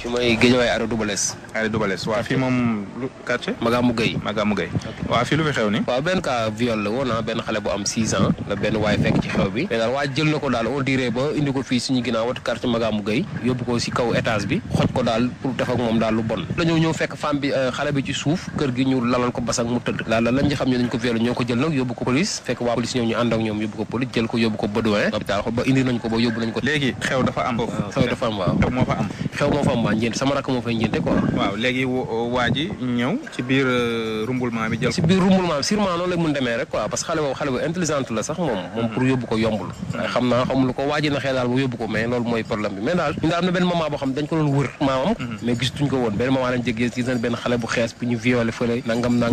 fi mooy Guédiawaye Arrêt Doubalès. Arrêt Doubalès waaw fii moom lu quartier. Magamu Gueye Magamu Gueye. waaw fii lu fi xew ni waaw benn cas viol la woon ah, benn xale bu am 6 ans la benn waay fekk ci ba indi ko fii suñu ginnaaw watu quartier Magamu Gueye yóbbu kaw étage bi xoj ko daal pour def moom daal lu bon. la ñëw fekk femme bi euh, xale bi ci suuf kër gi ñu lalal ko basak mu tëdd. daal lañ ci xam ne ko viol ñoo ko jël nag yóbbu ko police fekk waa police ñëw ñu ànd ñoom yóbbu ko police jël ko yóbbu ko Bédouin hôpital ba ba waaw njënd sama rakk moo fay njënte quoi. waaw léegi waa ji ñëw ci biir euh, rumbulement bi ci biir rumbulement bi sûrement noonu la mun demee rek quoi xale bu intelligente hmm. bu hmm. ñu daal am na benn maman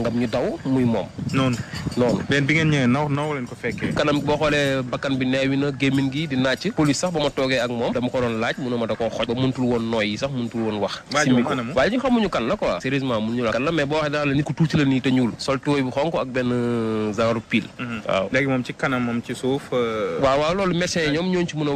boo ñu daw muy moom noonu benn bi ngeen ñëwee naw naw ko fekkee kanam boo xoolee bakkan bi neewi na gémmiñ gi di naaj police sax ba ma toogee ak moom dama ko doon laaj mënu ma da koo xoj ba mëntul woon nooy sax mëntu woon wax simi ko waaye ñu xamuñu kan la quoi sérieusement mënuñu la kan la mais boo waxee daal nit ku tuuti la nii te ñuul sol tooy bu xonk ak benn euh, genre pile mhm. euh,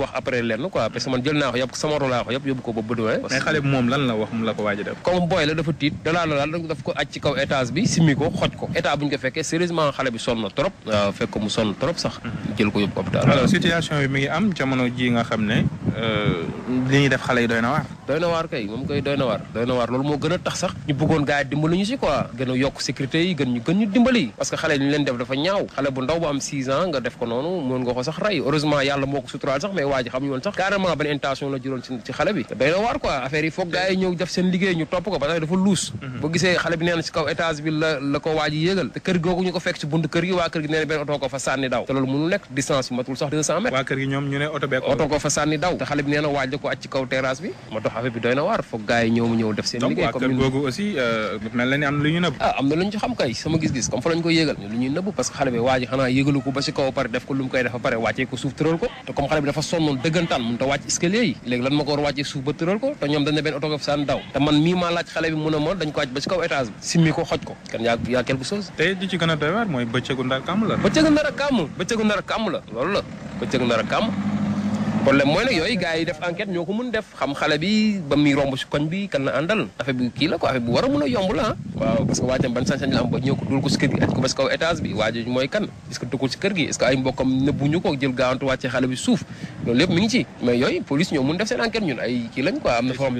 a man jël naa ko sama oto laa ko yàpp yóbbu ko ba bëdowee mais xale bi moom lan la wax mu la ko waaj a def comme booy la dafa tiit dalaa la daal daf ko aj ci kaw étage bi simi ko xoj ko état bu ko fekkee sérieusement xale bi sonn trop waaw fekk mu sonn trop sax mhm. jël ko yóbbu hôpital situation bi mi Euh, li ñuy def xale yi doy na waar. doy na waar kay moom koy doy na waar doy na waar loolu moo gën a tax sax ñu bëggoon gaa yi dimbali ñu si quoi gën a yokk sécurité yi gën ñu gën ñu dimbali parce que xale yi ñu leen def dafa ñaaw xale bu ndaw bu am 6 ans nga def ko noonu mën nga ko sax rey heureusement yàlla moo ko suturaal sax mais waa ji xam ñu woon sax carrément ban intention la juróon ci xale bi doy na waar quoi affaire yi foog gaa yi ñëw def seen liggéey ñu topp ko ba dafa luus mhm. boo gisee xale bi nee na si kaw étage bi la la ko waa ji yéegal te kër googu ñu ko fekk ci bunt kër gi waa kër gi nee na benn oto ko fa sànni daw te loolu mënul nekk distance bi matul sax 200 mètres oto ko fa sànni daw te xale bi nee waaj la ko acc ci kaw terrasse bi ma dox affaire bi doy na waar foog gars yi ñëw mu def seen liggéey comme googu euh, lu ñu nëbb ah am na lu ñu xam kay sama gis-gis comme fa lañ ko yéegal lu ñuy nëbb parce que xale bi waaji xanaa yéegalu ko ba si kaw pare def ko lu mu koy def pare wàccee suuf tëral ko te ñoom dañ ne benn oto ko fi daw te man mii maa laaj xale bi mun a ma dañ ko wàcc ba si kaw étage bi simmi ko xoj ko kan yaa yaa problème mooy nag yooyu gars yi def enquête ñoo ko mun def xam xale bi ba muy romb si koñ bi kan la àndal affaire kii la war a mun a yomb la ah. waaw parce que waa ban sañ-sañ la am ba ñëw ko dul ko si kër gi aj ko ba si kaw étage bi waa jooju mooy kan a ce que duggul si kër gi ay mbokkam nëbbuñu ko jël gaawantu wàcce xale bi suuf loolu lépp mi ci mais yooyu police ñoo mun def seen enquête ñun ay kii lañ quoi am na fa xam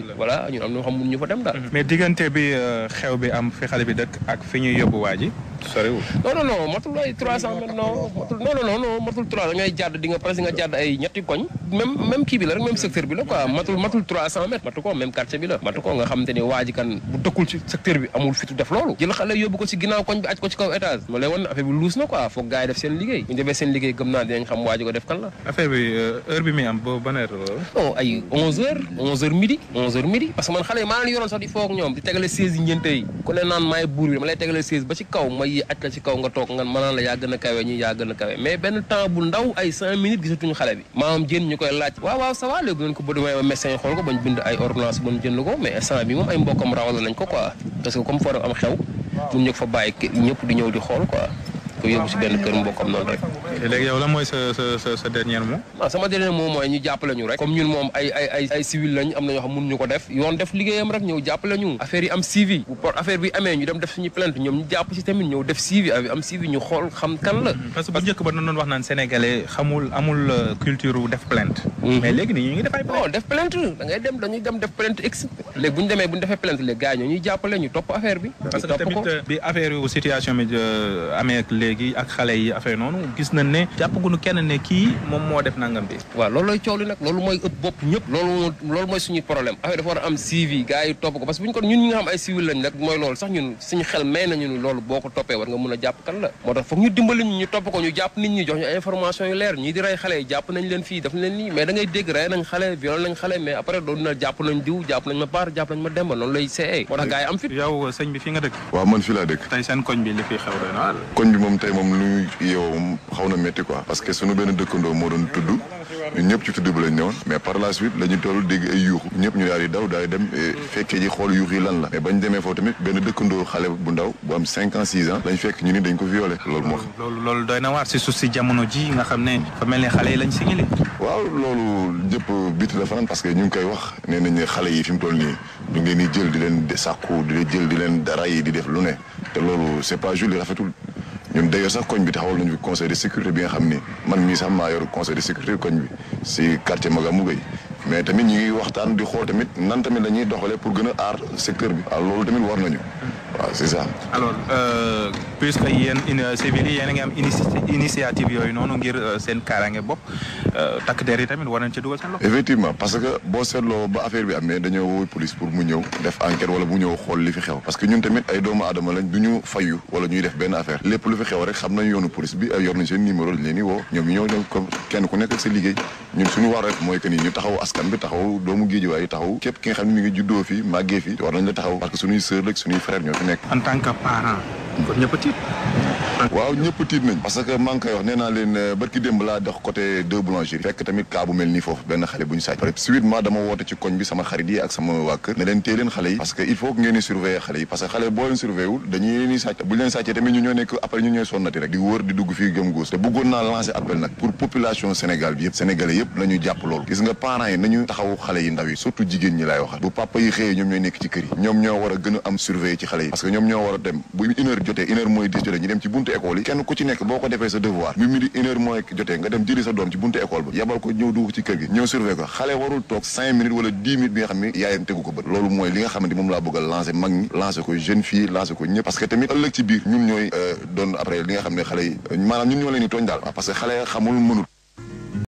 ñun am na ñu fa dem daal. mais diggante bi euh, xew bi am fi xale bi dëkk ak fi ñuy yóbbu waa ji soriwul non non matul ay 300 jàdd di nga presque jàdd ay ñetti koñ même kii bi la rek même secteur bi la quoi matul matul 300 mètres matu ko même quartier bi la matu ko secteur bi amul fitu def loolu jël xale yóbbu ko ma lay tegale 16 ba ci kaw yi aj la ci kaw nga toog nga la yaa gën a kawe ñi yaa gën a kawe mais benn temps bu ndaw ay cinq minutes gisatuñu xale bi maamam jën ñu koy laaj waaw waaw ça léegi nañ ko ba demee médecin xool ko bañ bind ay ordonnance bañ jënd ko mais instant bi moom ay mbokkam rawal nañ ko quoi parce que comme foo am xew mun ñu fa bàyyi ñëpp di ñëw di xool ko yóbbu ci benn kër mbokkam noonu rek léegi yow lan mooy sa sa ah, ñu jàppale ñu rek. comme ñun moom ay ay ay ay civil lañ am na ñoo xam mënuñu ko def yoon def liggéeyam rek ñëw ñu. affaire yi am suivi bu port affaire bi amee ñu dem def suñu plainte ñoom nii ñu ngi def ay plainte. dem dañuy dem def plainte ex. léegi bu ñu demee bu ñu defee plainte léegi gars yi ñu topp affaire bi. ñu topp ko parce que tamit euh, bi affaire situation bi euh, amee léegi ak xale yi affaire noonu gis nañ xam ne jàppagunu kenn ne kii moom moo def nangam bi waaw loolu lay coow li nag loolu mooy ëpp bopp dafa yi topp ko parce que bu ñu ko ñun ko toppee war a jàpp kan la moo tax foog ñu dimbali ñu ñu topp ko ñu jàpp nit ñi jox ñu information yu leer ñii di rey xale yi jàpp nañ leen fii mais da dégg rey nañ xale viol nañ ma baar jàpp nañ ma demba loolu lay see moo tax gars yi am fit yow sëñ bi fii nga dëkk waaw man fii laa dëkk tey seen koñ bi li fi xew doy na koñ bi moom tey moom lu yow xaw na métti ko parce que suñu benn dëkkandoo moo doon tudd ñun ñëpp ci tudd bi lañ ñëwoon mais ñu ñëpp ñu daal daw daal dem eh, fekkee ji xool yuux lan la mais bañ demee foofu tamit benn dëkkandoo xale bu ndaw bu am cinq ans six ans lañ fekk ñu ni dañ ko violé loolu moo loolu loolu doy na waar si suuf si jamono ji nga xam ne fa mel ne xale yi lañ signalé waaw loolu jëpp biti la fanaan parce que ñu ngi koy wax nee nañ xale yi fi mu toll nii ñu ngi leen di jël di leen sàkku di leen jël di leen dara yi di def lu ne te loolu c'est pas joli rafetul ñun d'ailleurs sax koñ bi taxawal nañu conseil de sécurité bi nga xam ni man mii sax maa yor conseil de sécurité koñ bi si quartier Magamou Gueye mais tamit ñu waxtaan di xool tamit nan tamit la ñuy doxalee pour gën a aar secteur bi. a loolu tamit war nañu. waaw c'est ça. alors euh, puisque yéen civil yi yéen a ngi am initiative yooyu noonu ngir euh, seen kaaraange bopp Euh, takk der yi tamit war nañ ci dugal effectivement parce que boo seetloo ba affaire bi amee dañoo woowu police pour mu ñëw def enquête wala mu ñëw xool li fi xew parce que ñun tamit ay doomu aadama lañ du ñu fayu wala ñuy def benn affaire lépp lu fi xew rek xam nañ yoonu police bi ay yor nañ seen numéro lañ leen di ñoom kenn ku nekk ak sa liggéey ñun suñu war rek mooy que ni ñu taxaw askan bi taxaw doomu géejuwaay taxaw képp ki nga xam ne mi ngi juddoo fi màggee fi war nañ la taxaw waaw ñëpp tiit nañ parce que maa ngi koy leen euh, barki démb laa dox côté deux boulangerie fekk tamit cas mel nii foofu benn xale bu ñu sàcc pare tamit ñu ñoo nekk après ñu ñooy sonnati rek di wër di dugg fii gëm góos te bëggoon naa lancer appel nag pour population Sénégal bi yëpp nañu jàpp loolu gis nga parents yi nañu taxawu xale yi ndaw surtout jigéen ñi laay waxal bu papa yi xëyee ñoom ñooy nekk ci kër yi ñoom ñoo war gën am surveiller ci xale yi buntu école yi kenn ku ci nekk boo ko defee sa devoir bi midi une heure mooy jotee nga dem jëli sa doom ci buntu école ba yabal ko ñëw dugg ci kër gi ñëw surveiller ko xale warul toog cinq minutes wala dix minutes bi nga xam ne yaayam tegu ko loolu mooy li nga xamante moom laa bëgg a mag ñi lancer ko jeune fille lancer ko ñëpp parce que tamit ëllëg ci biir ñun ñooy euh, doon après li nga xam ne xale yi maanaam ñun ñoo leen tooñ daal parce que xale xamul